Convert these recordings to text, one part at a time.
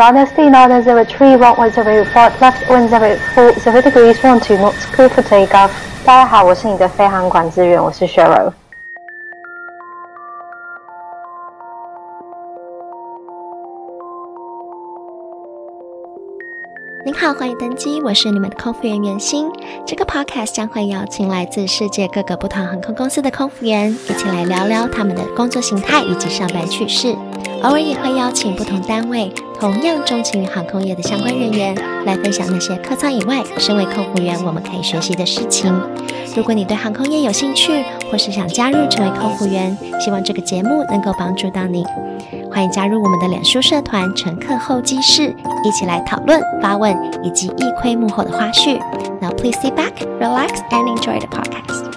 零四一零四百三一五五七六八六五四六四百九十五七六。客服最高。大家好，我是你的飛航管制員，我是 Cheryl。您好，歡迎登機，我是你們的空服員袁欣。這個 Podcast 將會邀請來自世界各個不同航空公司的空服員，一起來聊聊他們的工作形態以及上班趣事，偶爾也會邀請不同單位。同樣鍾情於航空業的相關人員來分享那些客艙以外，身為空服員我們可以學習的事情。如果你對航空業有興趣，或是想加入成為空服員，希望這個節目能夠幫助到你。歡迎加入我們的臉書社團“乘客候機室”，一起來討論、發問以及一窺幕後的花絮。Now please sit back, relax and enjoy the podcast.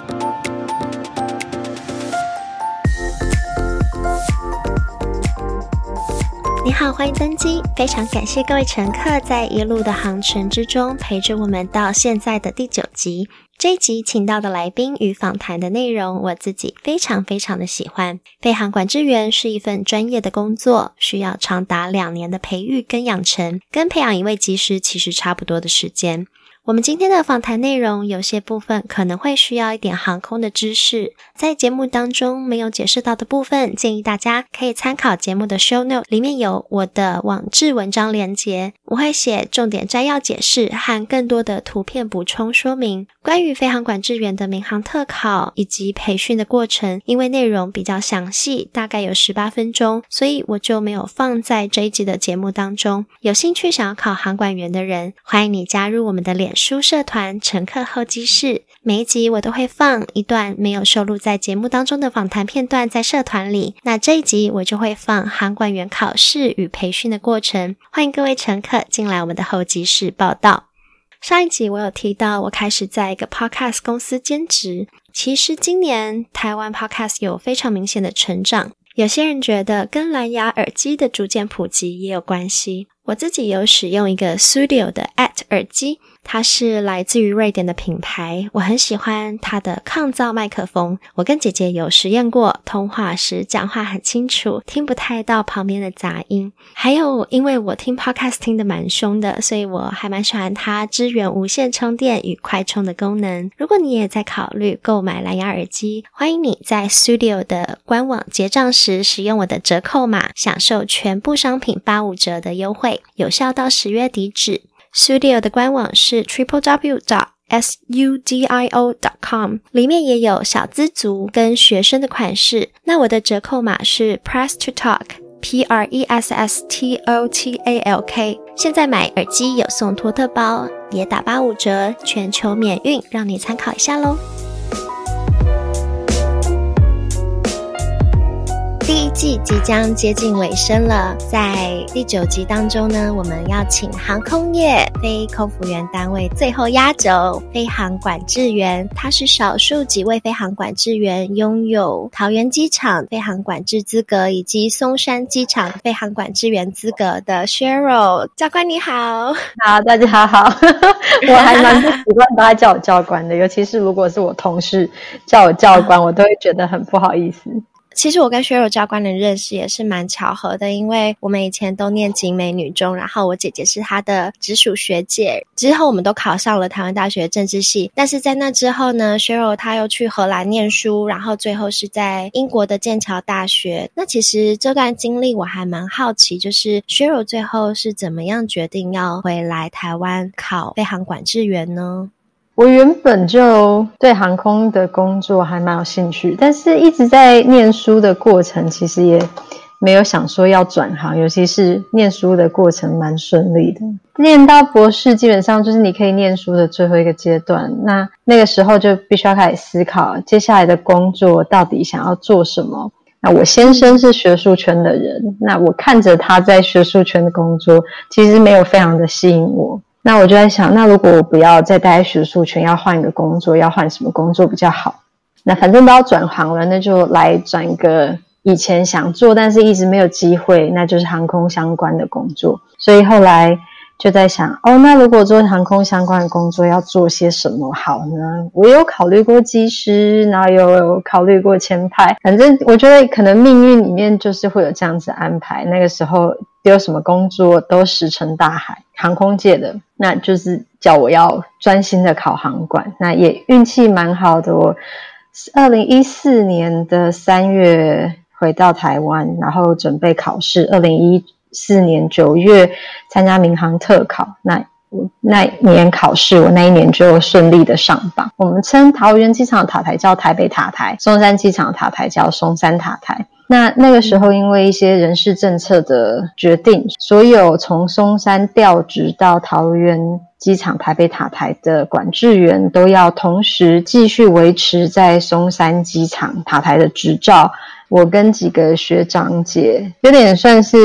你好，歡迎登機。非常感謝各位乘客在一路的航程之中陪着我們到現在的第九集。這一集請到的來賓與訪談的內容，我自己非常非常的喜歡。飛航管制員是一份專業的工作，需要長達兩年的培育跟養成，跟培養一位機師其實差不多的時間。我們今天的訪談內容有些部分可能會需要一點航空的知識，在節目當中沒有解釋到的部分，建議大家可以參考節目的 show note，裡面有我的網志文章鏈接，我會寫重點摘要解釋和更多的圖片補充說明。關於飛航管制員的民航特考以及培訓的過程，因為內容比較詳細，大概有十八分鐘，所以我就沒有放在這一集的節目當中。有興趣想要考航管員的人，歡迎你加入我們的臉書社團乘客候機室，每一集我都會放一段沒有收錄在節目當中的訪談片段在社團裡。那這一集我就會放航管員考試與培訓的過程。歡迎各位乘客進來我們的候機室報道。上一集我有提到我開始在一個 podcast 公司兼職。其實今年台灣 podcast 有非常明顯的成長，有些人覺得跟藍牙耳機的逐漸普及也有關係。我自己有使用一個 Sudio 的 Ett 耳機。它是來自於瑞典的品牌，我很喜歡它的抗噪麥克風。我跟姐姐有實驗過，通話時講話很清楚，聽不太到旁邊的雜音。還有，因爲我聽 podcast 聽得蠻兇的，所以我還蠻喜歡它支援無線充電與快充的功能。如果你也在考慮購買藍牙耳機，歡迎你在 Sudio 的官網結賬時使用我的折扣碼，享受全部商品八五折的優惠，有效到十月底止。Sudio 的官網是 triplew. s u d i o. com，裡面也有小資族跟學生的款式。那我的折扣碼是 press to talk，p r e s s t o t a l k。現在買耳機有送托特包，也打八五折，全球免運，讓你參考一下嘍。季即，即將接近尾聲了，在第九集當中呢，我們要請航空業、非空服員單位最後壓軸，飛航管制員。她是少數幾位飛航管制員擁有桃園機場飛航管制資格以及松山機場飛航管制員資格的 Cheryl 教官。你好。好，大家好， 我還蠻不習慣大家叫我教官的，尤其是如果是我同事叫我教官，我都會覺得很不好意思。其實我跟 Cheryl 教官的認識也是蠻巧合的，因為我們以前都念景美女中，然後我姐姐是她的直屬學姐。之後我們都考上了台灣大學政治系，但是在那之後呢，Cheryl 她又去荷蘭念書，然後最後是在英國的劍橋大學。那其實這段經歷我還蠻好奇，就是 Cheryl 最後是怎麼樣決定要回來台灣考飛航管制員呢？我原本就對航空的工作還蠻有興趣，但是一直在念書的過程，其實也沒有想說要轉行。尤其是念書的過程蠻順利的，念到博士，基本上就是你可以念書的最後一個階段。那那個時候就必須要開始思考接下來的工作到底想要做什麼。那我先生是學術圈的人，那我看着他在學術圈的工作，其實沒有非常的吸引我。那我就在想，那如果我不要再待學術圈，要換一個工作，要換什麼工作比較好？那反正都要轉行了，那就來轉一個以前想做但是一直沒有機會，那就是航空相關的工作。所以後來。就在想哦，那如果做航空相關的工作，要做些什麼好呢？我有考慮過機師，然後有考慮過簽派。反正我覺得可能命運裡面就是會有這樣子安排。那個時候丟什麼工作都石沉大海，航空界的，那就是叫我要專心的考航管。那也運氣蠻好的，我二零一四年的三月回到台灣，然後準備考試。二零一四年九月參加民航特考，那那一年考試，我那一年就順利的上榜。我們稱桃園機場的塔台叫台北塔台，松山機場的塔台叫松山塔台。那那個時候，因為一些人事政策的決定，嗯、所有從松山調職到桃園機場台北塔台的管制員，都要同時繼續維持在松山機場塔台的執照。我跟幾個學長姐，有點算是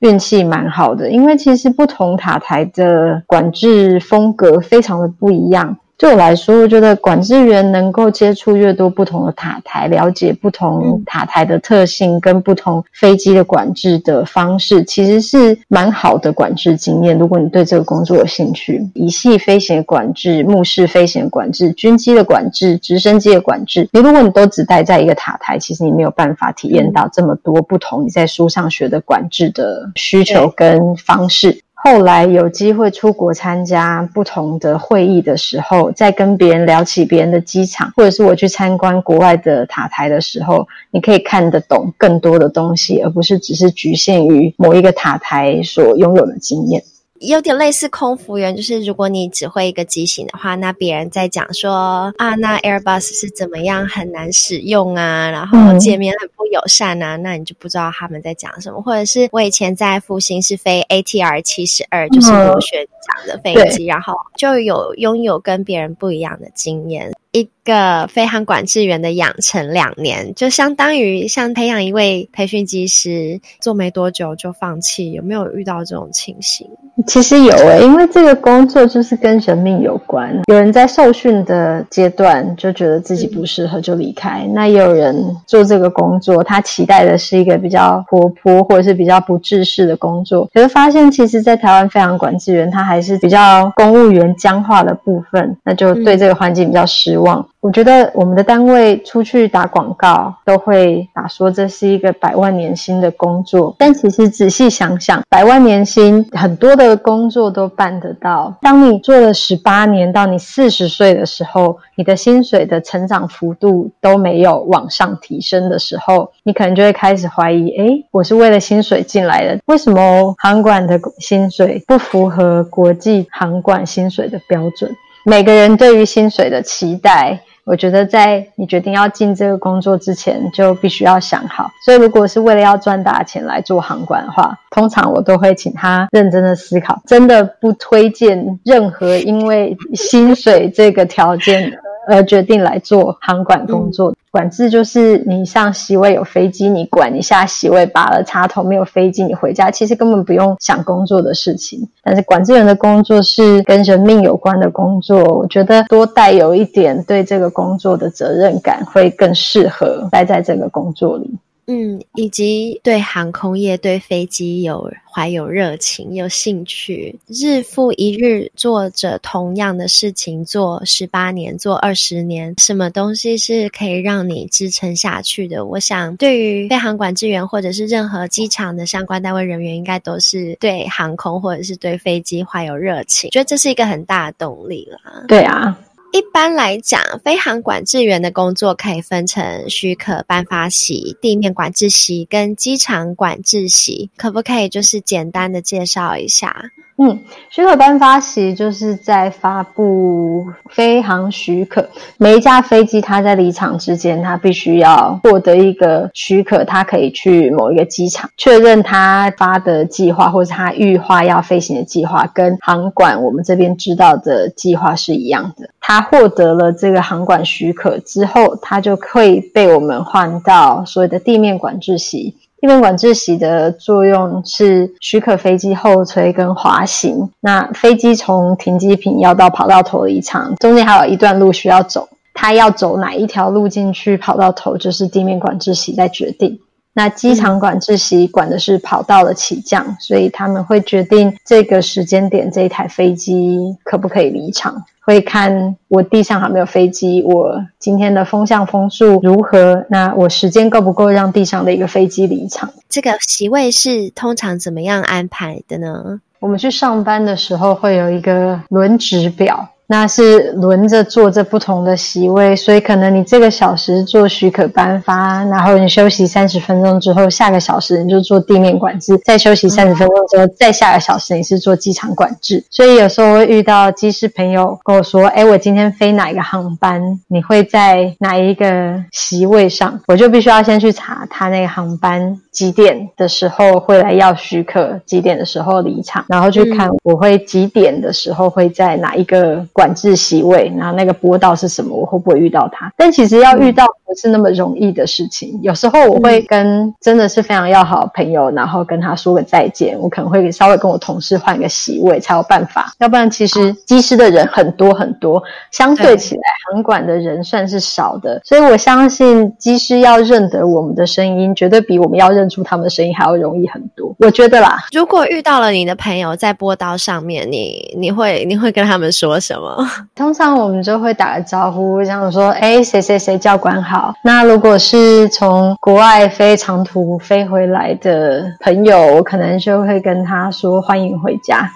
運氣蠻好的，因為其實不同塔台的管制風格非常的不一樣。對我來說，我覺得管制員能夠接觸越多不同的塔台，了解不同塔台的特性跟不同飛機的管制的方式，其實是蠻好的管制經驗。如果你對這個工作有興趣，儀器飛行管制、目視飛行管制、軍機的管制、直升機的管制，你如果你都只待在一個塔台，其實你沒有辦法體驗到這麼多不同。你在書上學的管制的需求跟方式。後來有機會出國參加不同的會議的時候，再跟別人聊起別人的機場，或者是我去參觀國外的塔台的時候，你可以看得懂更多的東西，而不是只是局限於某一個塔台所擁有的經驗。有點類似空服員，就是如果你只會一個機型的話，那別人在講說啊，那 Airbus 是怎麼樣很難使用啊，然後界面很不友善啊、嗯，那你就不知道他們在講什麼。或者是我以前在復興是飛 ATR 七十二、嗯，就是螺旋槳的飛機、嗯，然後就有擁有跟別人不一樣的經驗。一個飛航管制員的養成兩年，就相當於像培養一位培訓機師，做沒多久就放棄，有沒有遇到這種情形？其實有誒、欸，因為這個工作就是跟人命有關，有人在受訓的階段就覺得自己不適合就離開。嗯、那也有人做這個工作，他期待的是一個比較活潑或者是比較不制式的工作，可是發現其實在台灣飛航管制員，他還是比較公務員僵化的部分，那就對這個環境比較失望。嗯我覺得我們的單位出去打廣告都會打說，這是一個百萬年薪的工作，但其實仔細想想，百萬年薪很多的工作都辦得到。當你做了十八年到你四十歲的時候，你的薪水的成長幅度都沒有往上提升的時候，你可能就會開始懷疑：哎，我是為了薪水進來的？為什麼航管的薪水不符合國際航管薪水的標準？每個人對於薪水的期待。我覺得在你決定要進這個工作之前，就必須要想好。所以，如果是為了要賺大錢來做航管的話，通常我都會請他認真的思考，真的不推薦任何因為薪水這個條件而決定來做航管工作。嗯管制就是你上席位有飛機，你管；你下席位拔了插頭，沒有飛機，你回家。其實根本不用想工作的事情。但是管制員的工作是跟人命有關的工作，我覺得多帶有一點對這個工作的責任感，會更適合待在這個工作裡。嗯，以及對航空業、對飛機有懷有熱情、有興趣，日復一日做着同樣的事情，做十八年、做二十年，什麼東西是可以讓你支撐下去的？我想，對於飛航管制員或者是任何機場的相關單位人員，應該都是對航空或者是對飛機懷有熱情，覺得這是一個很大的動力啦。對啊。一般來講，飛航管制員的工作可以分成許可頒發席、地面管制席跟機場管制席。可不可以就是簡單的介紹一下？嗯，許可頒發席就是在發布飛航許可。每一架飛機它在離場之間，它必須要獲得一個許可，它可以去某一個機場確認它發的計劃，或者它預劃要飛行的計劃跟航管我們這邊知道的計劃是一樣的。它獲得了這個航管許可之後，它就可以被我們換到所謂的地面管制席。地面管制席的作用是許可飛機後推跟滑行。那飛機從停機坪要到跑道頭離場，中間還有一段路需要走。它要走哪一條路進去跑道頭，就是地面管制席在決定。那機場管制席管的是跑道的起降，嗯，所以他們會決定這個時間點這一台飛機可不可以離場，會看我地上還沒有飛機，我今天的風向風速如何，那我時間夠不夠讓地上的一個飛機離場。這個席位是通常怎麼樣安排的呢？我們去上班的時候會有一個輪值表。那是輪着做着不同的席位，所以可能你這個小時做許可頒發，然後你休息三十分鐘之後，下個小時你就做地面管制，再休息三十分鐘之後，再下個小時你是做機場管制。所以有時候會遇到機師朋友跟我說：“哎、欸，我今天飛哪一個航班，你會在哪一個席位上？”我就必須要先去查他那個航班幾點的時候會來要許可，幾點的時候離場，然後去看我會幾點的時候會在哪一個。管制席位，然後那個波道是什麼？我會不會遇到他？但其實要遇到，嗯，是那麼容易的事情。有時候我會跟真的是非常要好的朋友，嗯、然後跟他說個再見。我可能會稍微跟我同事換個席位才有辦法，要不然其實機師的人很多很多，相對起來航管的人算是少的。所以我相信機師要認得我們的聲音，絕對比我們要認出他們的聲音還要容易很多。我覺得啦，如果遇到了你的朋友在波道上面，你你會你會跟他們說什麼？通常我們就會打個招呼，像後說：“哎，誰誰誰教官好。”那如果是從國外飛長途飛回來的朋友，我可能就會跟他說，歡迎回家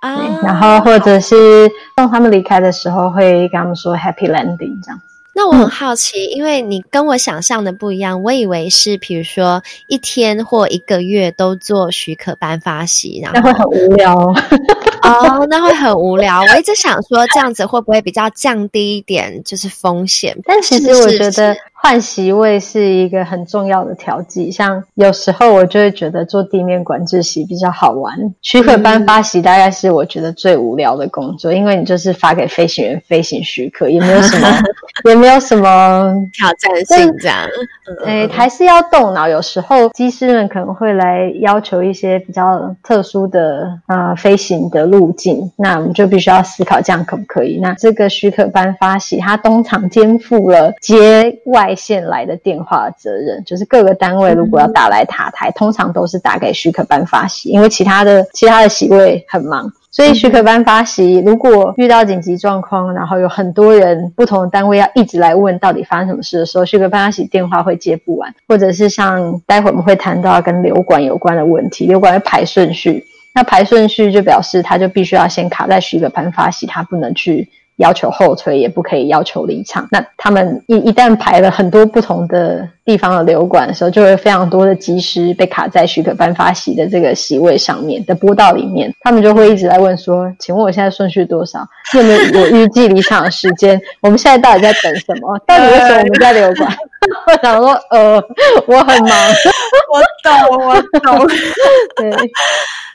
啊。然後或者是當他們離開的時候，會跟他們說 Happy landing 這樣。那我很好奇，嗯，因為你跟我想象的不一樣，我以為是比如說一天或一個月都做許可頒發席，那會很無聊哦。 哦、 oh，那會很無聊。我一直想說，這樣子會不會比較降低一點，就是風險。 但其實我覺得。換席位是一個很重要的調劑，像有時候我就會覺得坐地面管制席比較好玩。許可頒發席大概是我覺得最無聊的工作，嗯，因為你就是發給飛行員飛行許可，也沒有什麼 也沒有什麼挑戰性這樣。誒、嗯嗯哎、還是要動腦。有時候機師們可能會來要求一些比較特殊的啊、呃、飛行的路徑，那我們就必須要思考這樣可不可以。那這個許可頒發席，它通常肩負了接外。在線來的電話責任，就是各個單位如果要打來塔台，嗯、通常都是打給許可頒發席，因為其他的其他的席位很忙。所以許可頒發席、嗯、如果遇到緊急狀況，然後有很多人不同的單位要一直來問到底發生什麼事的時候，許可頒發席電話會接不完，或者是像待會我們會談到跟流管有關的問題，流管會排順序，那排順序就表示他就必須要先卡在許可頒發席，他不能去。要求後退也不可以，要求離場。那他們一一旦排了很多不同的地方的流管的時候，就會非常多的機師被卡在許可頒發席的這個席位上面的波道裡面。他們就會一直在問說：“請問我現在順序多少？有沒有我預計離場的時間？我們現在到底在等什麼？到底為什麼我們在流管？”我想說，呃，我很忙。”我懂，我懂。 對。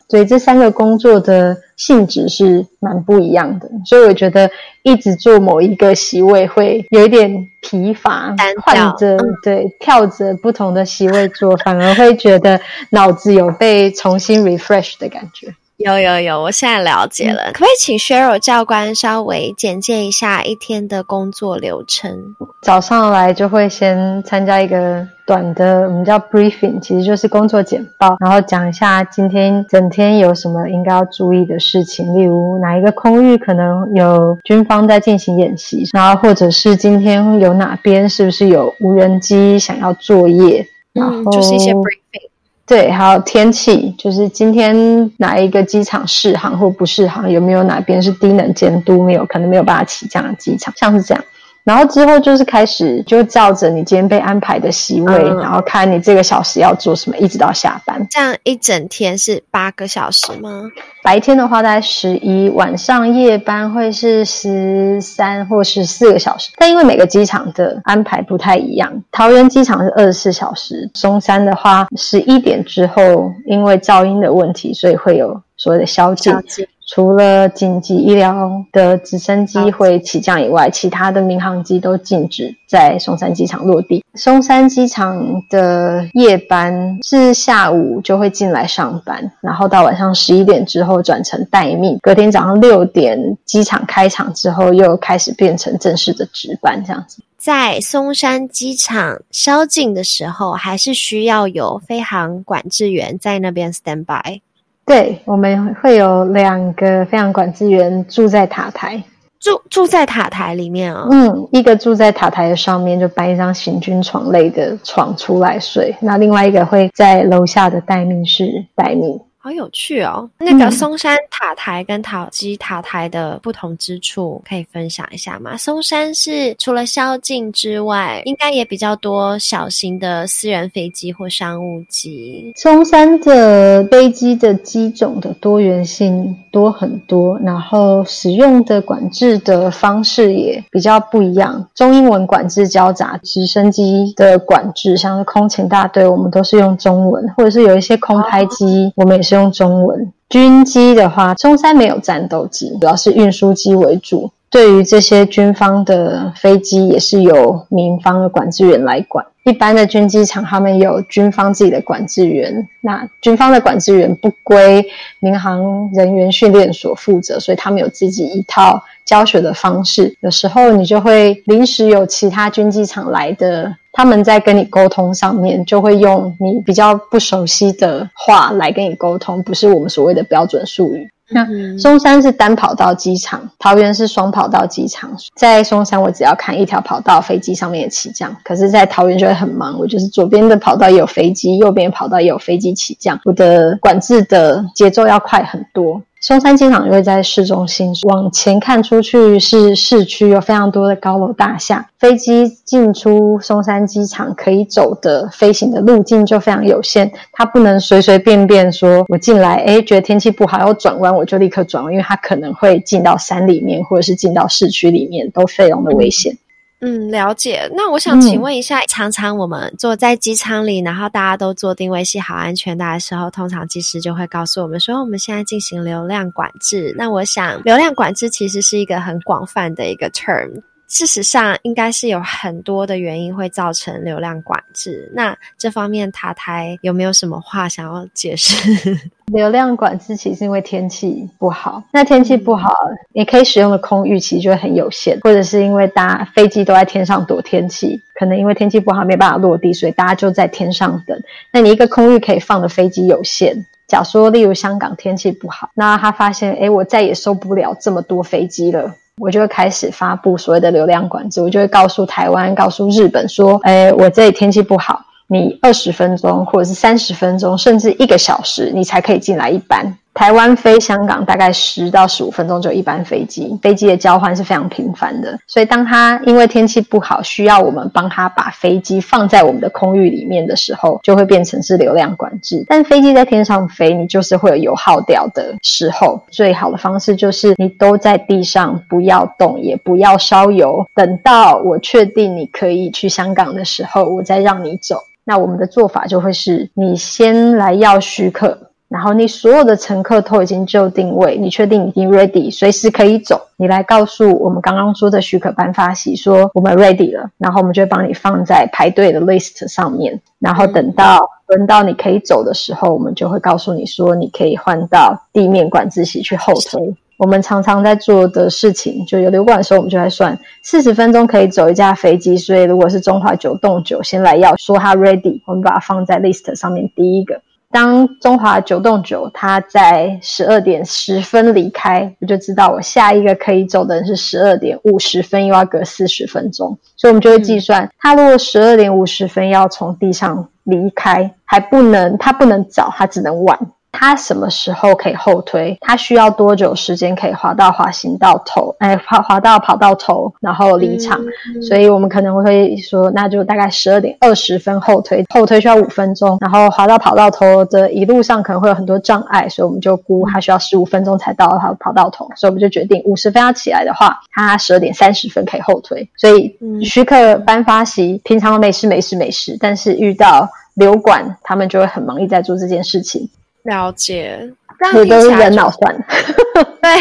所以這三個工作的性質是蠻不一樣的，所以我覺得一直做某一個席位會有一點疲乏，換着，對，跳着不同的席位做，反而會覺得腦子有被重新 refresh 的感覺。有有有，我現在了解了。可不可以請 Cheryl 教官稍微簡介一下一天的工作流程？早上來就會先參加一個短的，我們、嗯、叫 briefing，其實就是工作簡報，然後講一下今天整天有什麼應該要注意的事情，例如哪一個空域可能有軍方在進行演習，然後或者是今天有哪邊是不是有無人機想要作業，然後、嗯、就是一些 briefing。對，還有天氣，就是今天哪一個機場適航或不適航？有沒有哪邊是低能見度？沒有，可能沒有辦法起降的機場，像是這樣。然後之後就是開始，就照着你今天被安排的席位，嗯，然後看你這個小時要做什麼，一直到下班。這樣一整天是八個小時嗎？白天的話大概十一，晚上夜班會是十三或十四個小時。但因為每個機場的安排不太一樣，桃園機場是二十四小時，松山的話十一點之後因為噪音的問題，所以會有所謂的宵禁。宵禁。除了緊急醫療的直升機會起降以外，oh. 其他的民航機都禁止在松山機場落地。松山機場的夜班是下午就會進來上班，然後到晚上十一點之後轉成待命，隔天早上六點機場開場之後又開始變成正式的值班。這樣子，在松山機場宵禁的時候，還是需要有飛航管制員在那邊 stand by。對，我們會有兩個飛航管制員住在塔台，住住在塔台裡面啊、哦，嗯，一個住在塔台的上面，就搬一張行軍床類的床出來睡，那另外一個會在樓下的待命室待命。好有趣哦！那個松山塔台跟桃機塔台的不同之處，可以分享一下嗎？松山是除了宵禁之外，應該也比較多小型的私人飛機或商務機。松山的飛機的機種的多元性多很多，然後使用的管制的方式也比較不一樣。中英文管制交雜，直升機的管制像是空勤大隊，我們都是用中文，或者是有一些空拍機，oh. 我們也是。用中文，軍機的話，松山沒有戰鬥機，主要是運輸機為主。對於這些軍方的飛機，也是由民方的管制員來管。一般的軍機場，他們有軍方自己的管制員。那軍方的管制員不歸民航人員訓練所負責，所以他們有自己一套教學的方式。有時候你就會臨時有其他軍機場來的，他們在跟你溝通上面就會用你比較不熟悉的話來跟你溝通，不是我們所謂的標準術語。那、嗯、松山是單跑道機場，桃園是雙跑道機場。在松山，我只要看一條跑道，飛機上面也起降；可是，在桃園就會很忙，我就是左邊的跑道有飛機，右邊的跑道也有飛機起降，我的管制的節奏要快很多。松山機場又會在市中心，往前看出去是市區，有非常多的高樓大廈。飛機進出松山機場可以走的飛行的路徑就非常有限，它不能隨隨便便說“我進來”，哎，覺得天氣不好要轉彎，我就立刻轉彎，因為它可能會進到山裡面，或者是進到市區裡面，都非常的危險。嗯，了解。那我想請問一下，嗯、常常我們坐在機艙裡，然後大家都坐定位繫好安全帶的、的時候，通常機師就會告訴我們說，我們現在進行流量管制。那我想，流量管制其實是一個很廣泛的一個 term。事實上，應該是有很多的原因會造成流量管制。那這方面，塔台有沒有什麼話想要解釋？流量管制其實因為天氣不好，那天氣不好，你可以使用的空域其實就很有限，或者是因為大家飛機都在天上躲天氣，可能因為天氣不好沒辦法落地，所以大家就在天上等。那你一個空域可以放的飛機有限。假說，例如香港天氣不好，那他發現，哎，我再也收不了這麼多飛機了。我就會開始發佈所謂的流量管制，我就會告訴台灣、告訴日本說：哎、欸，我這裡天氣不好，你二十分鐘或者是三十分鐘，甚至一個小時，你才可以進來一班。台灣飛香港大概十到十五分鐘就一班飛機，飛機的交換是非常頻繁的。所以，當他因為天氣不好需要我們幫他把飛機放在我們的空域裡面的時候，就會變成是流量管制。但飛機在天上飛，你就是會有油耗掉的時候。最好的方式就是你都在地上，不要動，也不要燒油。等到我確定你可以去香港的時候，我再讓你走。那我們的做法就會是你先來要許可。然後你所有的乘客都已經就定位，你確定已經 ready，隨時可以走。你來告訴我們剛剛說的許可頒發席說我們 ready 了，然後我們就會幫你放在排隊的 list 上面。然後等到輪到你可以走的時候，我們就會告訴你說你可以換到地面管制席去後推。我們常常在做的事情，就有流管的時候，我們就在算四十分鐘可以走一架飛機。所以如果是中華九洞九先來要說它 ready，我們把它放在 list 上面第一個。當中華九洞九他在十二點十分離開，我就知道我下一個可以走的人是十二點五十分，又要隔四十分鐘，所以我們就會計算，他如果十二點五十分要從地上離開，還不能，他不能早，他只能晚。他什麼時候可以後推？他需要多久時間可以滑到滑行道頭？哎，滑滑到跑道頭，然後離場。嗯嗯、所以，我們可能會說，那就大概十二點二十分後推。後推需要五分鐘，然後滑到跑道頭的一路上可能會有很多障礙，所以我們就估他需要十五分鐘才到他跑跑道頭。所以，我們就決定五十分要起來的話，他十二點三十分可以後推。所以，許可頒發席，平常都沒事沒事沒事，但是遇到流管，他們就會很忙，一直在做這件事情。了解，這樣聽起人腦算。 對，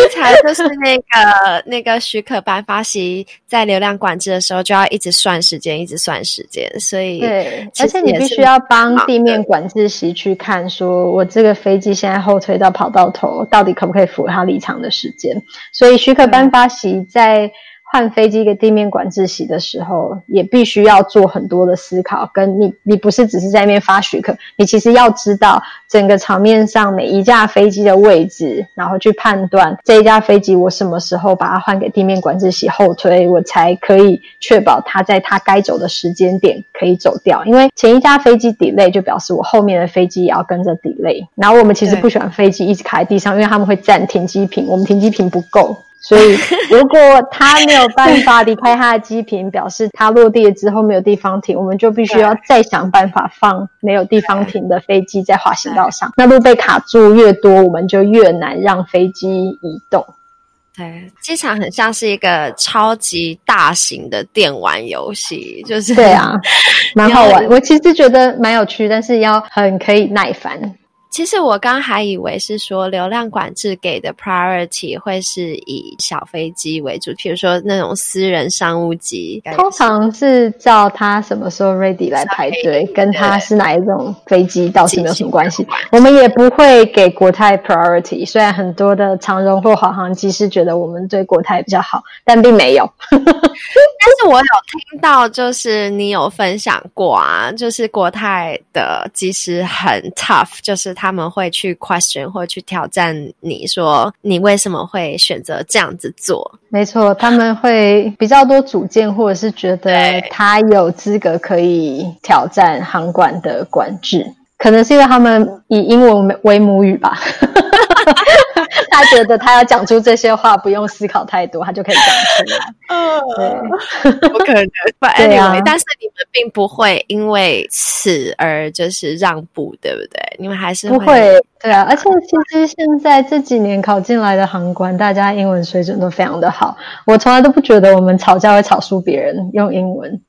聽起就是那個 那個許可頒發席在流量管制的時候就要一直算時間，一直算時間。所以，對，而且你必須要幫地面管制席去看，說我這個飛機現在後退到跑道頭，到底可不可以符合他離場的時間？所以，許可頒發席在。換飛機給地面管制席的時候，也必須要做很多的思考。跟你，你不是只是在那邊發許可，你其實要知道整個場面上每一架飛機的位置，然後去判斷這一架飛機我什麼時候把它換給地面管制席後推，我才可以確保它在它該走的時間點可以走掉。因為前一架飛機 delay 就表示我後面的飛機也要跟着 delay。然後我們其實不喜歡飛機一直卡在地上，因為他們會佔停機坪，我們停機坪不夠。 所以，如果他沒有辦法離開他的機坪，表示他落地了之後沒有地方停，我們就必須要再想辦法放沒有地方停的飛機在滑行道上。那路被卡住越多，我們就越難讓飛機移動。對，機場很像是一個超級大型的電玩遊戲，就是。對啊，蠻好玩。 我其實覺得蠻有趣，但是要很可以耐煩。其實我剛還以為是說流量管制給的 priority 會是以小飛機為主，比如說那種私人商務機。就是、通常是照他什麼時候 ready 來排隊，跟他是哪一種飛機倒是沒有什麼關係。我們也不會給國泰 priority，雖然很多的長榮或華航機師覺得我們對國泰比較好，但並沒有。 但是我有聽到，就是你有分享過啊，就是國泰的機師很 tough，就是他。他們會去 question 或去挑戰你說，你為什麼會選擇這樣子做？沒錯，他們會比較多主見，或者是覺得他有資格可以挑戰航管的管制，可能是因為他們以英文為母語吧。 他覺得他要講出這些話不用思考太多，他就可以講出來。嗯， 對， 不可能。Anyway, 對啊，但是你們並不會因為此而就是讓步，對不對？你們還是會不會。對啊，而且其實現在這幾年考進來的航管，大家英文水準都非常的好。我從來都不覺得我們吵架會吵輸別人用英文。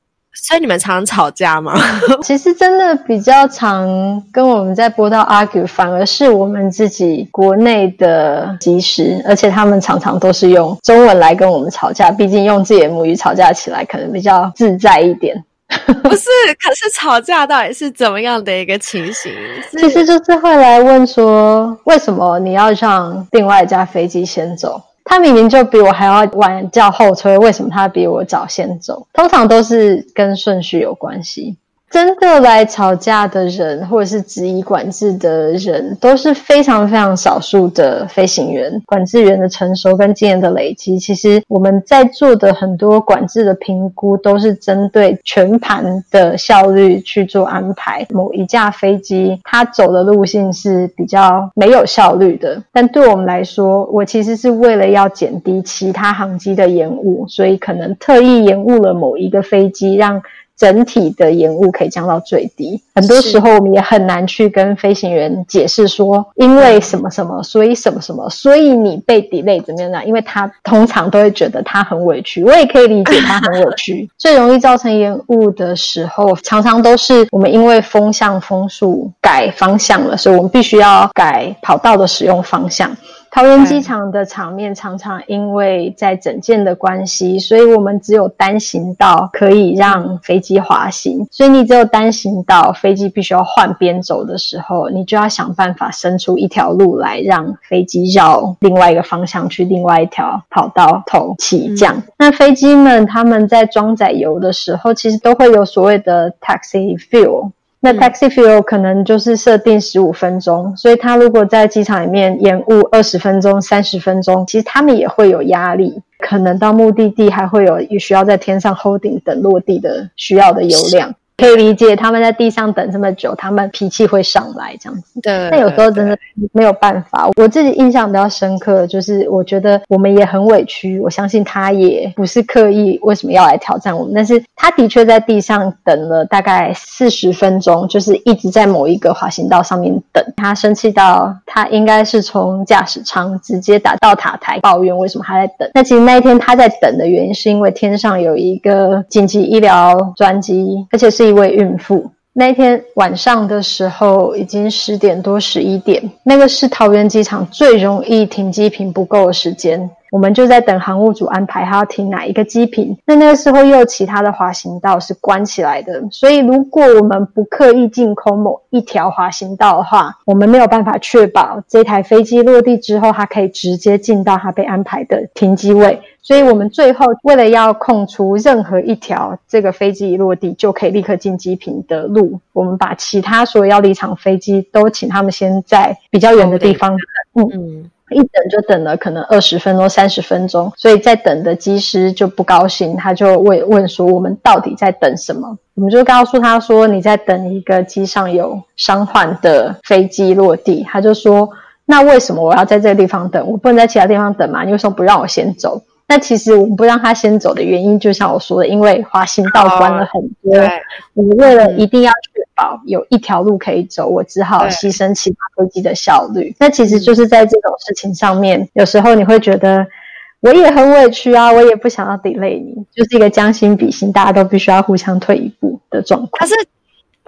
所以你們常常吵架嗎？ 其實真的比較常跟我們在波道 argue，反而是我們自己國內的機師，而且他們常常都是用中文來跟我們吵架。畢竟用自己的母語吵架起來，可能比較自在一點。 不是，可是吵架到底是怎麼樣的一個情形？其實就是會來問說，為什麼你要讓另外一架飛機先走？他明明就比我還要晚叫後推，為什麼他比我早先走？通常都是跟順序有關係。真的來吵架的人，或者是質疑管制的人，都是非常非常少數的飛行員。管制員的成熟跟經驗的累積，其實我們在做的很多管制的評估，都是針對全盤的效率去做安排。某一架飛機它走的路線是比較沒有效率的，但對我們來說，我其實是為了要減低其他航機的延誤，所以可能特意延誤了某一個飛機，讓整體的延誤可以降到最低。很多時候我們也很難去跟飛行員解釋說，因為什麼什麼，所以什麼什麼，所以你被 delay 怎麼樣，因為他通常都會覺得他很委屈，我也可以理解他很委屈。 最容易造成延誤的時候，常常都是我們因為風向風速改方向了，所以我們必須要改跑道的使用方向。桃園機場的場面常常因為在整建的關係，所以我們只有單行道可以讓飛機滑行。所以你只有單行道，飛機必須要換邊走的時候，你就要想辦法伸出一條路來讓飛機繞另外一個方向去另外一條跑道頭起降，嗯。那飛機們他們在裝載油的時候，其實都會有所謂的 taxi fuel。那 taxi fuel 可能就是設定十五分鐘，所以他如果在機場裡面延誤二十分鐘、三十分鐘，其實他們也會有壓力，可能到目的地還會有需要在天上 holding 等落地的需要的油量。可以理解，他們在地上等這麼久，他們脾氣會上來這樣子。對，那有時候真的沒有辦法。我自己印象比較深刻，就是我覺得我們也很委屈。我相信他也不是刻意為什麼要來挑戰我們，但是他的確在地上等了大概四十分鐘，就是一直在某一個滑行道上面等。他生氣到他應該是從駕駛艙直接打到塔台，抱怨為什麼還在等。那其實那一天他在等的原因，是因為天上有一個緊急醫療專機，而且是。一位孕婦，那天晚上的時候已經十點多十一點，那個是桃園機場最容易停機坪不夠的時間。我們就在等航務組安排他要停哪一個機坪。那那個時候又有其他的滑行道是關起來的，所以如果我們不刻意進空某一條滑行道的話，我們沒有辦法確保這台飛機落地之後，它可以直接進到它被安排的停機位。所以，我們最後為了要空出任何一條這個飛機一落地就可以立刻進機坪的路，我們把其他所有要離場飛機都請他們先在比較遠的地方嗯、Okay. 嗯。嗯一等就等了可能二十分鐘三十分鐘，所以在等的機師就不高興，他就問問說，我們到底在等什麼？我們就告訴他說，你在等一個機上有傷患的飛機落地。他就說，那為什麼我要在這個地方等？我不能在其他地方等嗎？你為什麼不讓我先走？那其實我們不讓他先走的原因，就像我說的，因為滑行道關了很多，oh, right. 我們為了一定要確保有一條路可以走，我只好犧牲其他飛機的效率。Right. 那其實就是在這種事情上面，mm-hmm. 有時候你會覺得我也很委屈啊，我也不想要 delay 你，就是一個將心比心，大家都必須要互相退一步的狀況。可是。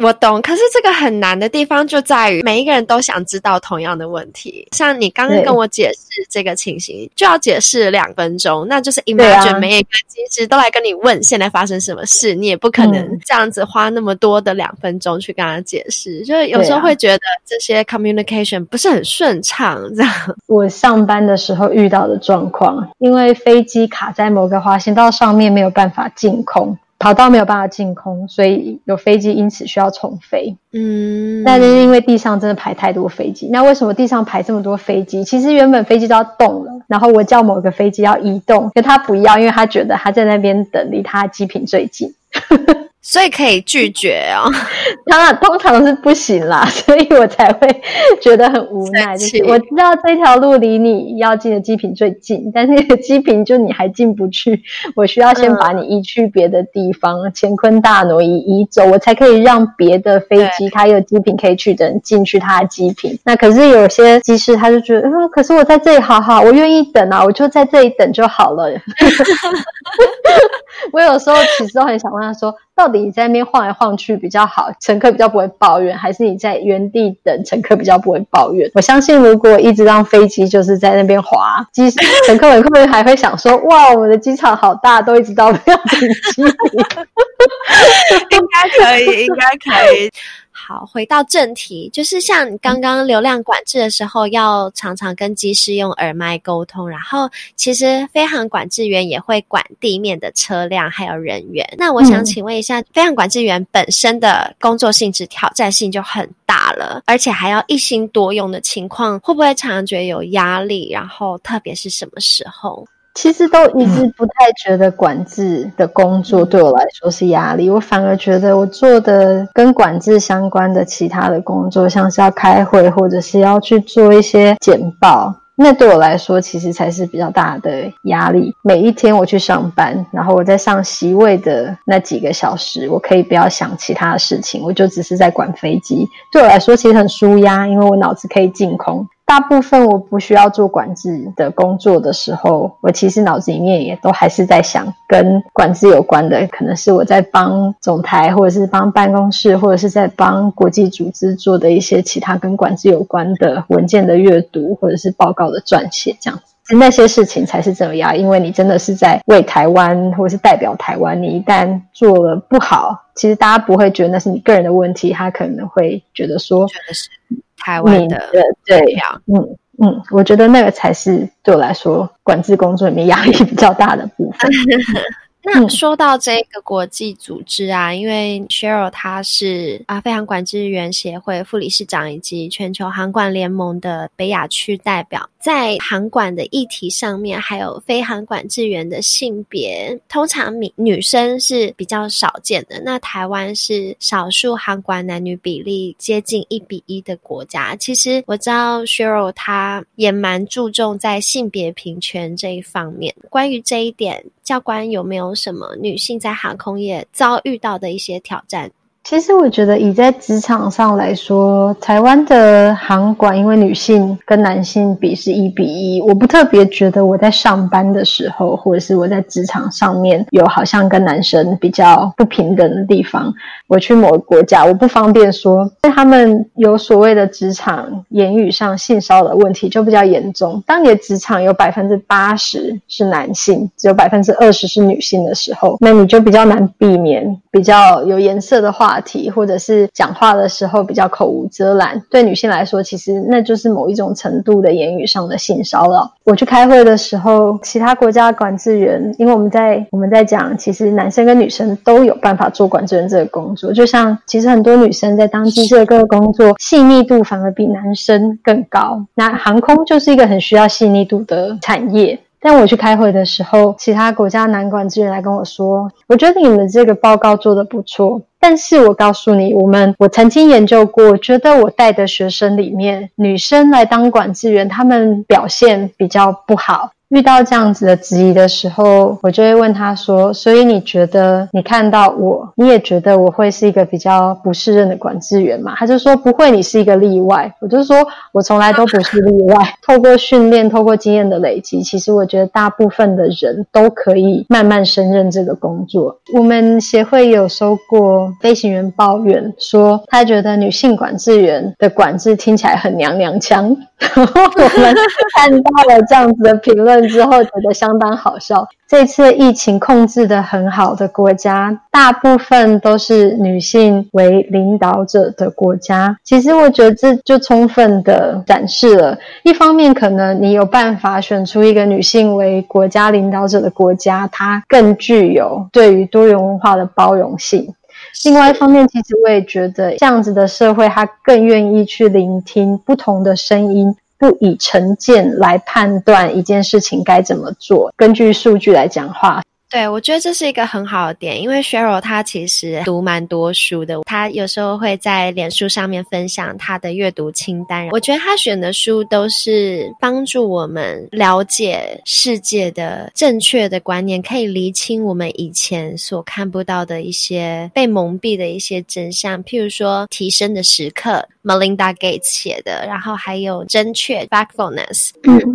我懂，可是這個很難的地方就在於，每一個人都想知道同樣的問題。像你剛剛跟我解釋這個情形，就要解釋兩分鐘，那就是 Imagine 每一個機師都來跟你問現在發生什麼事，你也不可能這樣子花那麼多的兩分鐘去跟他解釋。就是有時候會覺得這些 communication 不是很順暢，這樣。我上班的時候遇到的狀況，因為飛機卡在某個滑行道上面，沒有辦法進空。跑道沒有辦法淨空，所以有飛機因此需要重飛。嗯，那就是因為地上真的排太多飛機。那為什麼地上排這麼多飛機？其實原本飛機都要動了，然後我叫某個飛機要移動，可他不要，因為他覺得他在那邊等，離他的機坪最近。 所以可以拒絕啊？當然，通常是不行啦，所以我才會覺得很無奈。就是我知道這條路離你要進的機坪最近，但是那個機坪就你還進不去，我需要先把你移去別的地方，嗯、乾坤大挪移移走，我才可以讓別的飛機它有機坪可以去等進去它的機坪。那可是有些機師他就覺得、嗯，可是我在這裡好好，我願意等啊，我就在這裡等就好了。 我有時候其實都很想問他說。到底你在那邊晃來晃去比較好，乘客比較不會抱怨，還是你在原地等，乘客比較不會抱怨？我相信，如果一直讓飛機就是在那邊滑，乘客們會不會還會想說：“哇，我們的機場好大，都一直到不要停機。 ” 應該可以，應該可以。好，回到正題，就是像剛剛流量管制的時候、嗯，要常常跟機師用耳麥溝通。然後，其實飛航管制員也會管地面的車輛還有人員。那我想請問一下，嗯、飛航管制員本身的工作性質挑戰性就很大了，而且還要一心多用的情況，會不會常常覺得有壓力？然後，特別是什麼時候？其實都一直不太覺得管制的工作對我來說是壓力，我反而覺得我做的跟管制相關的其他的工作，像是要開會或者是要去做一些簡報，那對我來說其實才是比較大的壓力。每一天我去上班，然後我在上席位的那幾個小時，我可以不要想其他的事情，我就只是在管飛機，對我來說其實很舒壓，因為我腦子可以淨空。大部分我不需要做管制的工作的時候，我其實腦子裡面也都還是在想跟管制有關的，可能是我在幫總台，或者是幫辦公室，或者是在幫國際組織做的一些其他跟管制有關的文件的閱讀，或者是報告的撰寫這樣子。那些事情才是這樣，因為你真的是在為台灣，或者是代表台灣。你一旦做了不好，其實大家不會覺得那是你個人的問題，他可能會覺得說。臺灣的，的對，嗯嗯，我覺得那個才是對我來說管制工作裡面壓力比較大的部分。 那說到這個國際組織啊，嗯、因為 Cheryl 她是啊飛航管制員協會副理事長以及全球航管聯盟的北亞區代表，在航管的議題上面，還有飛航管制員的性別，通常女女生是比較少見的。那台灣是少數航管男女比例接近一比一的國家。其實我知道 Cheryl 她也蠻注重在性別平權這一方面。關於這一點，教官有沒有？有什麼女性在航空業遭遇到的一些挑戰？其實我覺得，以在職場上來說，台灣的航管，因為女性跟男性比是一比一，我不特別覺得我在上班的時候，或者是我在職場上面有好像跟男生比較不平等的地方。我去某個國家，我不方便說，但他們有所謂的職場言語上性騷擾的問題就比較嚴重。當你的職場有百分之八十是男性，只有百分之二十是女性的時候，那你就比較難避免，比較有顏色的話。或者是講話的時候比較口無遮攔，對女性來說，其實那就是某一種程度的言語上的性騷擾。我去開會的時候，其他國家的管制員，因為我們在我們在講，其實男生跟女生都有辦法做管制員這個工作。就像其實很多女生在當機師這個工作，細膩度反而比男生更高。那航空就是一個很需要細膩度的產業。當我去開會的時候，其他國家男管制員來跟我說：“我覺得你們這個報告做得不錯，但是我告訴你，我們我曾經研究過，我覺得我帶的學生裡面女生來當管制員，她們表現比較不好。”遇到這樣子的質疑的時候，我就會問他說：“所以你覺得你看到我，你也覺得我會是一個比較不適任的管制員嗎？”他就說：“不會，你是一個例外。”我就說：“我從來都不是例外。 透過訓練，透過經驗的累積，其實我覺得大部分的人都可以慢慢勝任這個工作。我們協會有收過飛行員抱怨說，他覺得女性管制員的管制聽起來很娘娘腔。”然後我們看到了這樣子的評論。之後覺得相當好笑。這次疫情控制得很好的國家，大部分都是女性為領導者的國家。其實我覺得這就充分地展示了，一方面可能你有辦法選出一個女性為國家領導者的國家，它更具有對於多元文化的包容性；另外一方面，其實我也覺得這樣子的社會，它更願意去聆聽不同的聲音。不以成見來判斷一件事情該怎麼做，根據數據來講話。對，我覺得這是一個很好的點，因為 Cheryl 她其實讀蠻多書的，她有時候會在臉書上面分享她的閱讀清單。我覺得她選的書都是幫助我們了解世界的正確的觀念，可以釐清我們以前所看不到的一些被蒙蔽的一些真相。譬如說，提升的時刻。Melinda Gates 寫的，然後還有真確 Factfulness，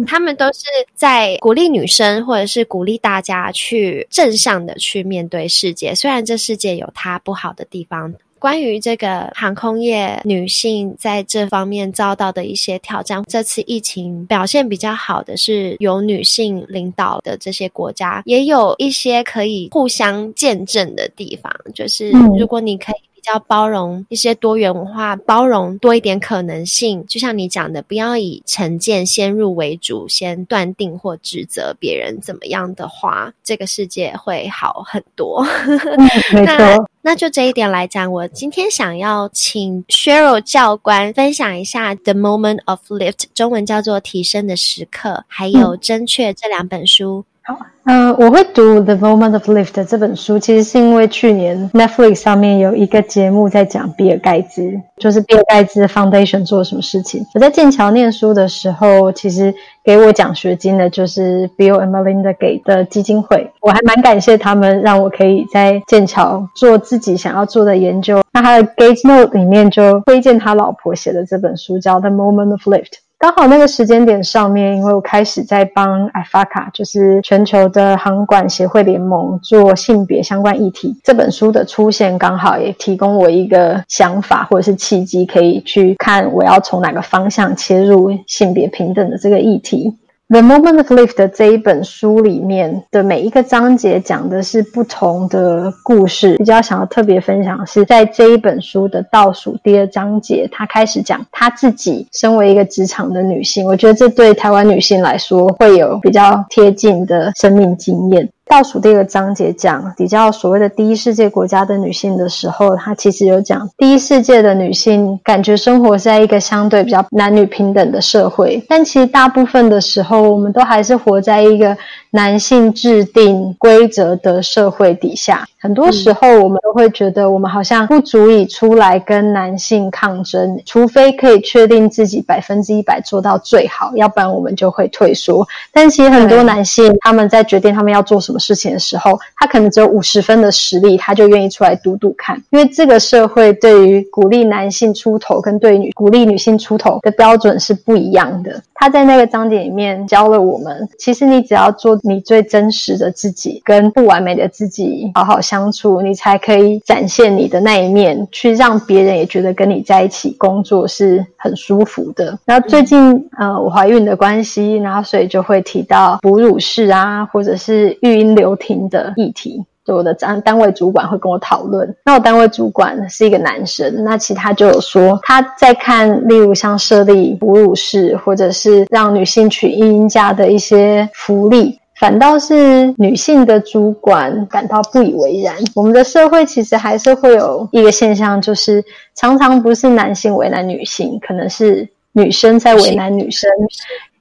他、嗯嗯、們都是在鼓勵女生，或者是鼓勵大家去正向的去面對世界。雖然這世界有它不好的地方，關於這個航空業女性在這方面遭到的一些挑戰，這次疫情表現比較好的是由女性領導的這些國家，也有一些可以互相見證的地方。就是如果你可以。要包容一些多元文化，包容多一點可能性。就像你講的，不要以成見先入為主，先斷定或指責別人怎麼樣的話，這個世界會好很多。 那那就這一點來講，我今天想要請 Cheryl 教官分享一下《The Moment of Lift》中文叫做《提升的時刻》，還有《真確》這兩本書。嗯好，嗯、uh，我會讀《The Moment of Lift》這本書，其實是因為去年 Netflix 上面有一個節目在講比爾蓋茨，就是比爾蓋茨 Foundation 做什麼事情。我在劍橋念書的時候，其實給我獎學金的就是 Bill and Melinda 給的基金會，我還蠻感謝他們，讓我可以在劍橋做自己想要做的研究。那他的 Gates Note 裡面就推薦他老婆寫的這本書，叫《The Moment of Lift》。剛好那個時間點上面，因為我開始在幫 IFATCA，就是全球的航管協會聯盟做性別相關議題，這本書的出現剛好也提供我一個想法或者是契機，可以去看我要從哪個方向切入性別平等的這個議題。《The Moment of Lift》的這一本書裡面的每一個章節講的是不同的故事，比較想要特別分享的是在這一本書的倒數第二章節，她開始講她自己身為一個職場的女性，我覺得這對台灣女性來說會有比較貼近的生命經驗。倒數第二個章節講，比較所謂的第一世界國家的女性的時候，她其實有講，第一世界的女性感覺生活在一個相對比較男女平等的社會，但其實大部分的時候，我們都還是活在一個男性制定規則的社會底下。很多時候，我們都會覺得我們好像不足以出來跟男性抗爭，除非可以確定自己百分之一百做到最好，要不然我們就會退縮。但其實很多男性他們在決定他們要做什麼。什麼事情的時候，他可能只有五十分的實力，他就願意出來賭賭看。因為這個社會對於鼓勵男性出頭跟對於女鼓勵女性出頭的標準是不一樣的。他在那個章節裡面教了我們，其實你只要做你最真實的自己，跟不完美的自己好好相處，你才可以展現你的那一面，去讓別人也覺得跟你在一起工作是很舒服的。然後最近呃，我懷孕的關係，然後所以就會提到哺乳室啊，或者是育。留停的議題，就我的單單位主管會跟我討論。那我單位主管是一個男生，那其他就有說他在看，例如像設立哺乳室，或者是讓女性取育嬰假的一些福利，反倒是女性的主管感到不以為然。我們的社會其實還是會有一個現象，就是常常不是男性為難女性，可能是女生在為難女生。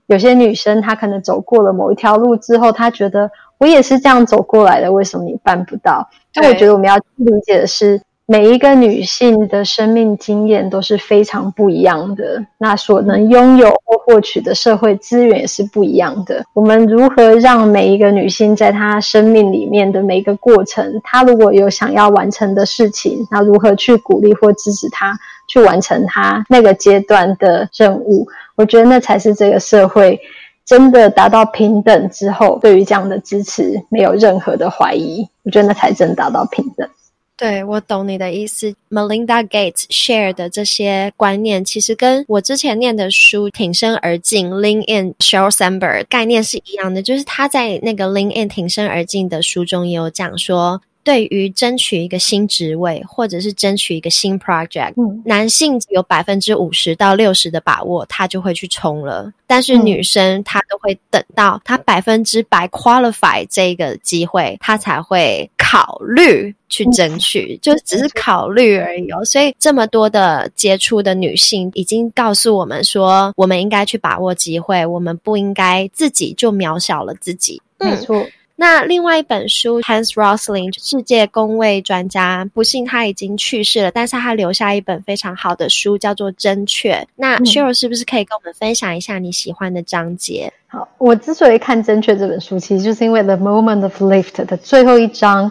有些女生她可能走過了某一條路之後，她覺得。我也是這樣走過來的，為什麼你辦不到？但我覺得我們要理解的是，每一個女性的生命經驗都是非常不一樣的，那所能擁有或獲取的社會資源也是不一樣的。我們如何讓每一個女性在她生命裡面的每一個過程，她如果有想要完成的事情，那如何去鼓勵或支持她去完成她那個階段的任務？我覺得那才是這個社會。真的達到平等之後，對於這樣的支持沒有任何的懷疑，我覺得那才真的達到平等。對，我懂你的意思。Melinda Gates share 的這些觀念，其實跟我之前念的書《挺身而進 l e n k In）、s h e r e l s a m b e r 概念是一樣的。就是他在那個《l e n k In》《挺身而進》的書中也有講說。對於爭取一個新職位，或者是爭取一個新 project，、嗯、男性有百分之五十到六十的把握，他就會去衝了。但是女生，她都會等到她百分之百 qualify 這個機會，她才會考慮去爭取，嗯、就只是考慮而已哦。哦、嗯，所以，這麼多的接觸的女性已經告訴我們說，我們應該去把握機會，我們不應該自己就渺小了自己。嗯、沒錯。那另外一本書，Hans Rosling 世界公衛專家，不幸他已經去世了，但是他留下一本非常好的書，叫做《真確》。那 Cheryl 是不是可以跟我們分享一下你喜歡的章節？好，我之所以看《真確》這本書，其實就是因為《The Moment of Lift》的最後一章。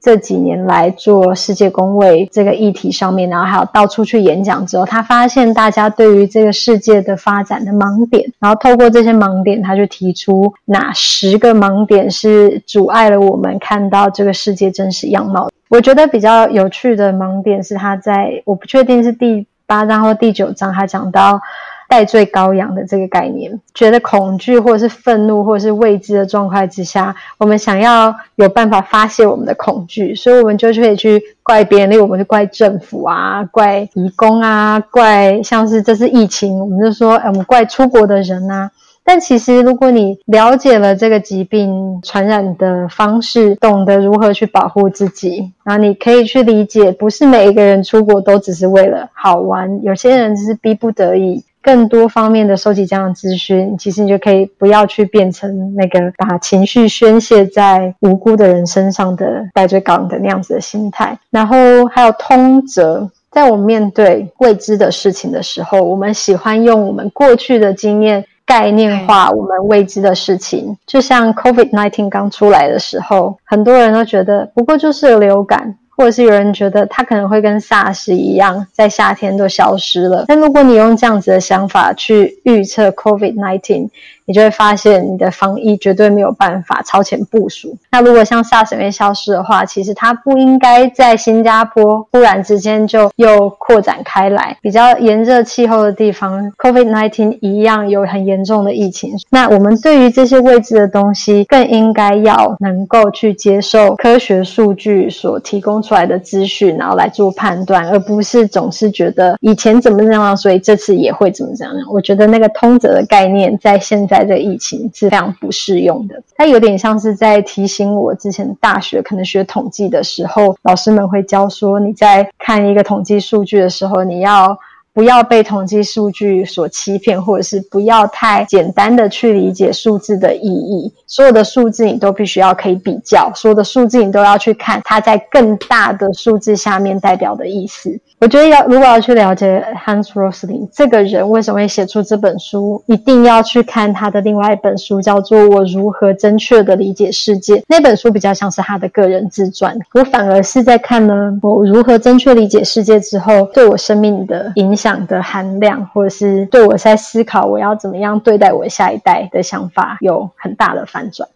這幾年來做世界公衛這個議題上面，然後還有到處去演講之後，他發現大家對於這個世界的發展的盲點，然後透過這些盲點，他就提出哪十個盲點是阻礙了我們看到這個世界真實樣貌的。我覺得比較有趣的盲點是他在，我不確定是第八章或第九章，他講到。代罪羔羊的這個概念，覺得恐懼或者是憤怒或者是未知的狀態之下，我們想要有辦法發洩我們的恐懼，所以我們就可以去怪別人，例如我們是怪政府啊，怪移工啊，怪像是這次疫情，我們就說，哎、呃，我們怪出國的人吶、啊。但其實如果你了解了這個疾病傳染的方式，懂得如何去保護自己，然後你可以去理解，不是每一個人出國都只是為了好玩，有些人只是逼不得已。更多方面的收集這樣的資訊，其實你就可以不要去變成那個把情緒宣洩在無辜的人身上的代罪羔的那樣子的心態。然後還有通則，在我們面對未知的事情的時候，我們喜歡用我們過去的經驗概念化我們未知的事情。嗯，就像 COVID-19 剛出來的時候，很多人都覺得不過就是流感。或者是有人覺得它可能會跟 SARS 一樣，在夏天都消失了。但如果你用這樣子的想法去預測 COVID-19，你就會發現你的防疫絕對沒有辦法超前部署。那如果像 SARS 裡面消失的話，其實它不應該在新加坡忽然之間就又擴展開來。比較炎熱氣候的地方，COVID-19 一樣有很嚴重的疫情。那我們對於這些未知的東西，更應該要能夠去接受科學數據所提供。出來的資訊，然後來做判斷，而不是總是覺得以前怎麼怎樣啊，所以這次也會怎麼怎樣啊。我覺得那個通則的概念，在現在的疫情是非常不適用的。它有點像是在提醒我，之前大學可能學統計的時候，老師們會教說，你在看一個統計數據的時候，你要。不要被統計數據所欺騙，或者是不要太簡單的去理解數字的意義。所有的數字你都必須要可以比較，所有的數字你都要去看它在更大的數字下面代表的意思。我覺得要如果要去了解 Hans Rosling 這個人為什麼會寫出這本書，一定要去看他的另外一本書，叫做《我如何真確的理解世界》。那本書比較像是他的個人自傳。我反而是在看呢，《我如何真確理解世界》之後，對我生命的影響的含量，或者是對我在思考我要怎麼樣對待我下一代的想法，有很大的反轉。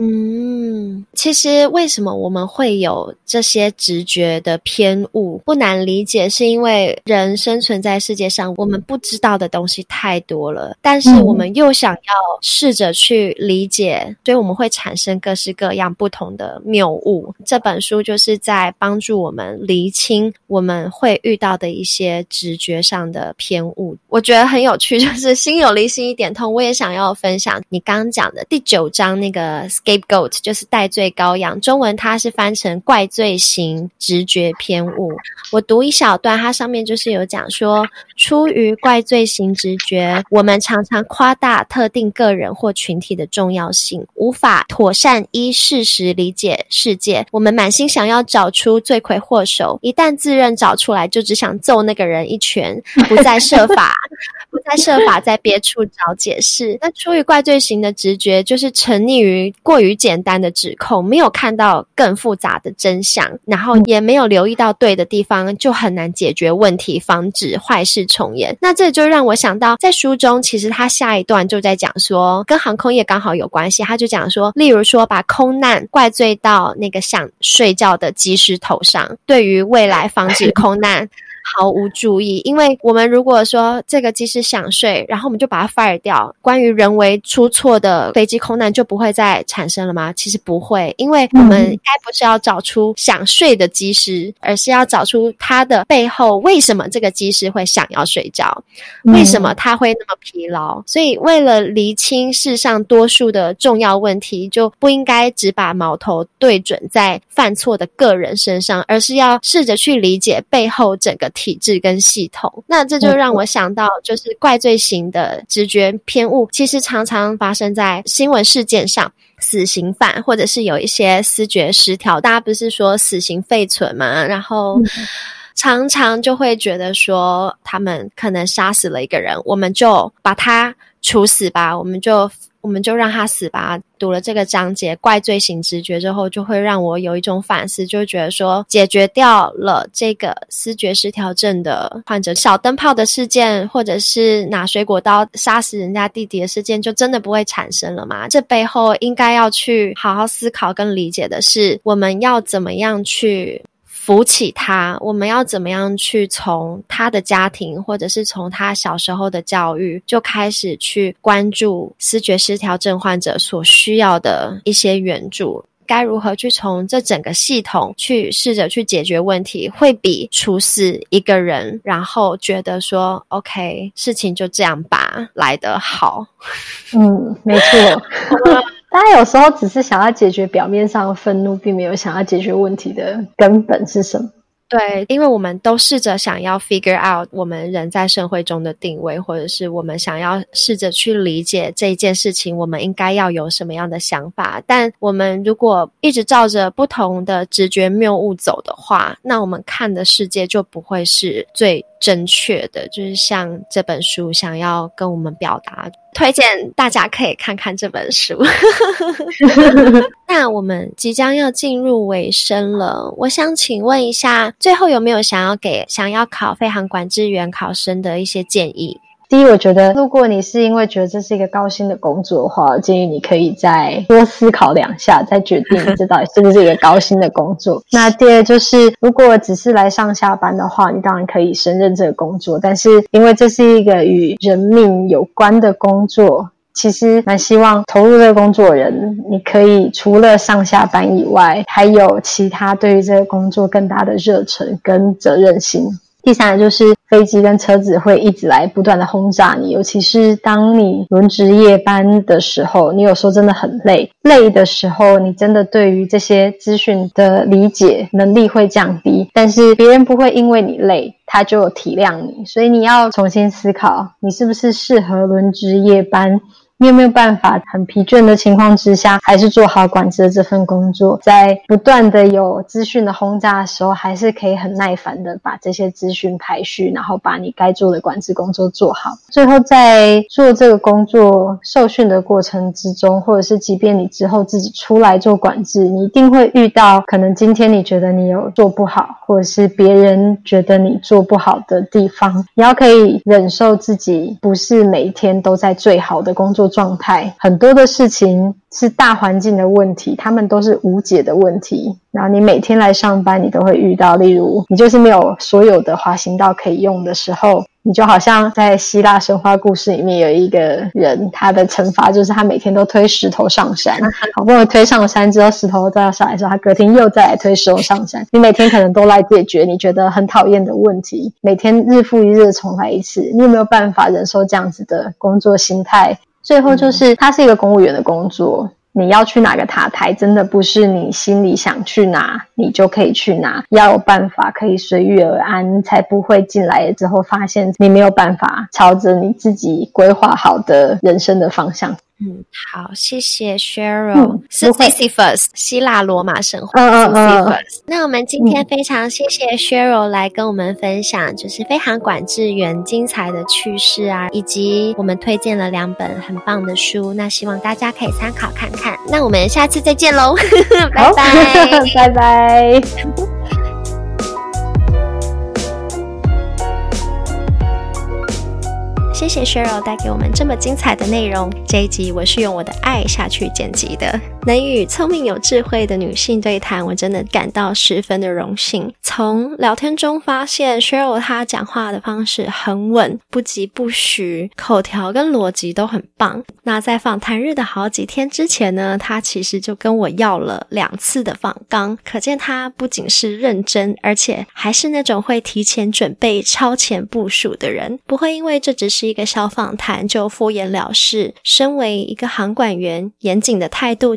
嗯，其實為什麼我們會有這些直覺的偏誤，不難理解，是因為人生存在世界上，我們不知道的東西太多了，但是我們又想要試着去理解，所以我們會產生各式各樣不同的謬誤。這本書就是在幫助我們釐清我們會遇到的一些直覺上的偏誤。我覺得很有趣，就是心有靈犀一點通。我也想要分享你剛剛講的第九章那個。scapegoat 就是戴罪羔羊，中文它是翻成怪罪型直覺偏誤。我讀一小段，它上面就是有講說，出於怪罪型直覺，我們常常誇大特定個人或群體的重要性，無法妥善依事實理解世界。我們滿心想要找出罪魁禍首，一旦自認找出來，就只想揍那個人一拳，不再設法，不再設法在別處找解釋。 那出於怪罪型的直覺，就是沉溺於過。過於簡單的指控，沒有看到更複雜的真相，然後也沒有留意到對的地方，就很難解決問題，防止壞事重演。那這就讓我想到，在書中其實他下一段就在講說，跟航空業剛好有關係。他就講說，例如說把空難怪罪到那個想睡覺的機師頭上，對於未來防止空難。 毫無註意，因為我們如果說這個機師想睡，然後我們就把他 fire 掉，關於人為出錯的飛機空難就不會再產生了嗎？其實不會，因為我們應該不是要找出想睡的機師，而是要找出他的背後為什麼這個機師會想要睡覺，為什麼他會那麼疲勞。所以為了釐清世上多數的重要問題，就不應該只把矛頭對準在犯錯的個人身上，而是要試着去理解背後整個。體制跟系統，那這就讓我想到，就是怪罪型的直覺偏誤、嗯，其實常常發生在新聞事件上。死刑犯，或者是有一些思覺失調，大家不是說死刑廢存嘛，然後、嗯、常常就會覺得說，他們可能殺死了一個人，我們就把他處死吧，我們就。我們就讓他死吧。讀了這個章節，怪罪型直覺之後，就會讓我有一種反思，就會覺得說，解決掉了這個思覺失調症的患者小燈泡的事件，或者是拿水果刀殺死人家弟弟的事件，就真的不會產生了嗎？這背後應該要去好好思考跟理解的是，我們要怎麼樣去。扶起他，我們要怎麼樣去從他的家庭，或者是從他小時候的教育就開始去關注思覺失調症患者所需要的一些援助，該如何去從這整個系統去試着去解決問題，會比處死一個人，然後覺得說 “OK，事情就這樣吧”來得好？嗯，沒錯。 大家有時候只是想要解決表面上的憤怒，並沒有想要解決問題的根本是什麼。對，因為我們都試着想要 figure out 我們人在社會中的定位，或者是我們想要試着去理解這一件事情，我們應該要有什麼樣的想法。但我們如果一直照着不同的直覺謬誤走的話，那我們看的世界就不會是最正確的。就是像這本書想要跟我們表達。推薦大家可以看看這本書。 那我們即將要進入尾聲了，我想請問一下，最後有沒有想要給想要考飛航管制員考生的一些建議？第一，我覺得，如果你是因為覺得這是一個高薪的工作的話，我建議你可以再多思考兩下，再決定知道這到底是不是一個高薪的工作。 那第二就是，如果只是來上下班的話，你當然可以勝任這個工作，但是因為這是一個與人命有關的工作，其實蠻希望投入這個工作的人，你可以除了上下班以外，還有其他對於這個工作更大的熱忱跟責任心。第三個就是飛機跟車子會一直來不斷的轟炸你，尤其是當你輪值夜班的時候，你有時候真的很累，累的時候你真的對於這些資訊的理解能力會降低，但是別人不會因為你累他就有體諒你，所以你要重新思考你是不是適合輪值夜班。你有沒有辦法很疲倦的情況之下，還是做好管制的這份工作？在不斷的有資訊的轟炸的時候，還是可以很耐煩的把這些資訊排序，然後把你該做的管制工作做好。最後，在做這個工作受訓的過程之中，或者是即便你之後自己出來做管制，你一定會遇到可能今天你覺得你有做不好，或者是別人覺得你做不好的地方，你要可以忍受自己不是每一天都在最好的工作狀態。很多的事情是大環境的問題，他們都是無解的問題。然後你每天來上班，你都會遇到，例如你就是沒有所有的滑行道可以用的時候，你就好像在希臘神話故事裡面有一個人，他的懲罰就是他每天都推石頭上山。 好不容易推上山，之後石頭再要下來時候，他隔天又再來推石頭上山。你每天可能都來解決你覺得很討厭的問題，每天日復一日的重來一次，你有沒有辦法忍受這樣子的工作心態？最後就是，它是一個公務員的工作。你要去哪個塔台，真的不是你心裡想去哪，你就可以去哪。要有辦法可以隨遇而安，才不會進來之後發現你沒有辦法朝着你自己規劃好的人生的方向。嗯，好，謝謝 Cheryl 是 Sisyphus、嗯、Sisyphus 希臘羅馬神話、嗯。那我們今天非常謝謝 Cheryl 來跟我們分享，就是飛航管制員精彩的趣事啊，以及我們推薦了兩本很棒的書，那希望大家可以參考看看。那我們下次再見嘍，拜 拜，拜拜。 bye bye 謝謝 Cheryl 帶給我們這麼精彩的內容。這一集我是用我的愛下去剪輯的。能與聰明有智慧的女性對談，我真的感到十分的榮幸。從聊天中發現 Cheryl 她講話的方式很穩，不疾不徐，口條跟邏輯都很棒。那在訪談日的好幾天之前呢，她其實就跟我要了兩次的訪綱，可見她不僅是認真，而且還是那種會提前準備、超前部署的人，不會因為這只是一個小訪談就敷衍了事。身為一個航管員，嚴謹的態度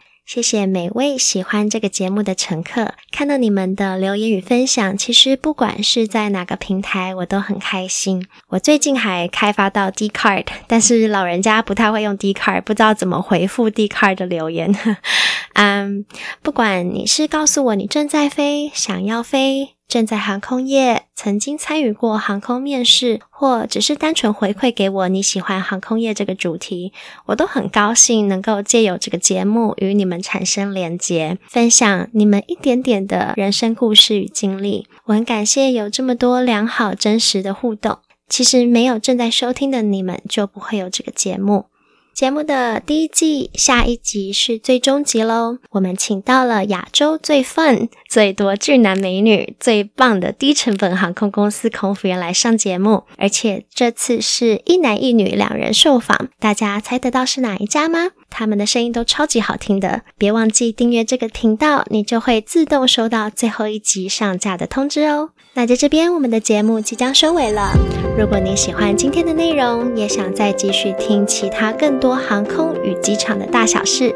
謝謝每位喜歡這個節目的乘客，看到你們的留言與分享，其實不管是在哪個平台，我都很開心。我最近還開發到 Dcard，但是老人家不太會用 Dcard，不知道怎麼回復 Dcard 的留言。嗯 ，um，不管你是告訴我你正在飛，想要飛。正在航空業，曾經參與過航空面試，或只是單純回饋給我你喜歡航空業這個主題，我都很高興能夠借由這個節目與你們產生連結，分享你們一點點的人生故事與經歷。我很感謝有這麼多良好真實的互動。其實沒有正在收聽的你們就不會有這個節目。節目的第一季下一集是最終集嘍！我們請到了亞洲最 fun、最多俊男美女、最棒的低成本航空公司空服員來上節目，而且這次是一男一女兩人受訪，大家猜得到是哪一家嗎？他們的聲音都超級好聽的，別忘記訂閱這個頻道，你就會自動收到最後一集上架的通知哦。那在這邊，我們的節目即將收尾了。如果你喜歡今天的內容，也想再繼續聽其他更多航空與機場的大小事。